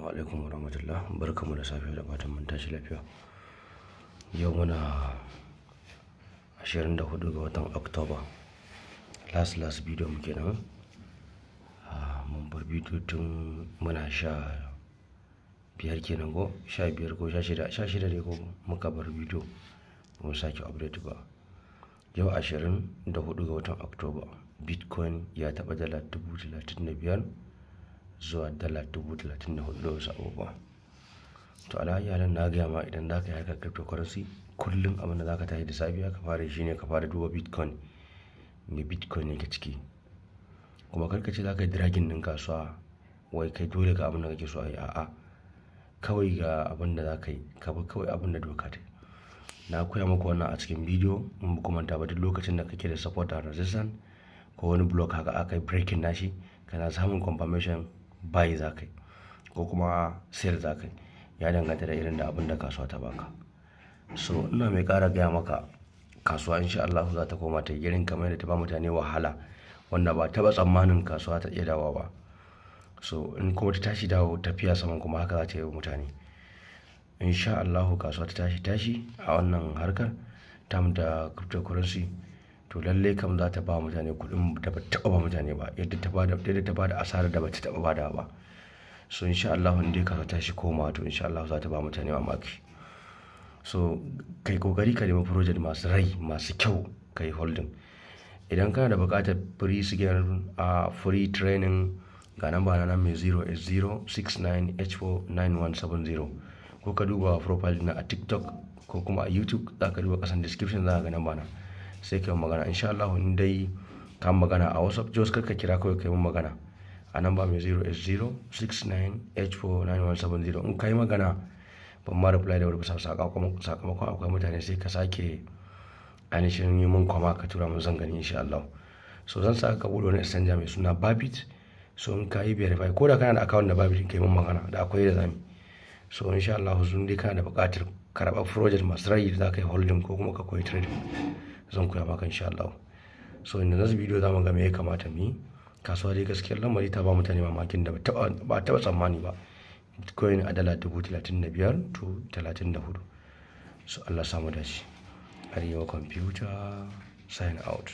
wa alaikum warahmatullah barkamu da safiya da fatan mun tashi lafiya yau muna 24 ga watan oktoba last last video mu kenan ah, mun bar bidiyo tun muna sha biyar kenan ko sha biyar ko sha shida sha shida ne ko muka bar bidiyo mun sake update ba yau 24 ga watan oktoba bitcoin ya taɓa dala biyar. zuwa dala dubu talatin da hudu da abubuwa to alhaji halin na gaya ma idan za ka yi harkar cryptocurrency kullum abin da za ka tashi da safiya ka fara shi ne ka fara duba bitcoin ne bitcoin ne ka ciki kuma karka ce za ka yi dragin din kasuwa wai kai dole ga abin da kake so a yi a'a kawai ga abin da za ka yi ka kawai abin da doka ta na koya maka wannan a cikin bidiyo in ba kuma ba duk lokacin da kake da support a resistance ko wani blog haka aka yi breaking nashi kana samun confirmation bayi za ka yi ko kuma sayar za ka yi ya danganta da irin da abin da kasuwa ta baka so ina mai kara gaya maka kasuwa insha Allah za ta koma ta girin kamar da ta ba mutane wahala wanda ba taɓa tsammanin kasuwa ta iya dawa ba so in kuma ta tashi dawo tafiya saman kuma haka za ta yi mutane insha Allah kasuwa ta tashi tashi a wannan harkar tam da cryptocurrency to lallai kam za ta ba mutane kuɗin da ba taɓa ba mutane ba yadda ta ba da yadda da asarar da ba ta taɓa ba da ba so insha Allah in dai ka ta koma to insha Allah za ta ba mutane mamaki so kai kokari ka nemi project masu rai masu kyau kai holding idan kana da buƙatar free signal a free training ga namba na mai 08069h49170 ko ka duba profile na a tiktok ko kuma a youtube za ka duba kasan description za ka ga namba na sai ka kai magana insha Allah in dai ka magana a WhatsApp jos karka kira kawai kai mun magana a namba mai 08069849170 in kai magana ban ma reply da wurin sakamakon akwai mutane sai ka sake ainihin yi mun kwama ka tura mun gani insha Allah so zan saka ka bude wani exchanger mai suna Babit so in ka yi verify ko da kana da account da Babit kai mun magana da akwai da zami so insha Allah zun dai kana da buƙatar karɓar project masu rai da za ka yi holding ko kuma ka koyi trading zan koya maka insha Allah so in this video za ga me ya kamata mu kasuwa dai gaskiyar lamari ta ba mutane mamakin da ba taɓa tsammani ba bitcoin a dala dubu talatin da biyar to talatin da hudu so Allah samu dace arewa computer sign out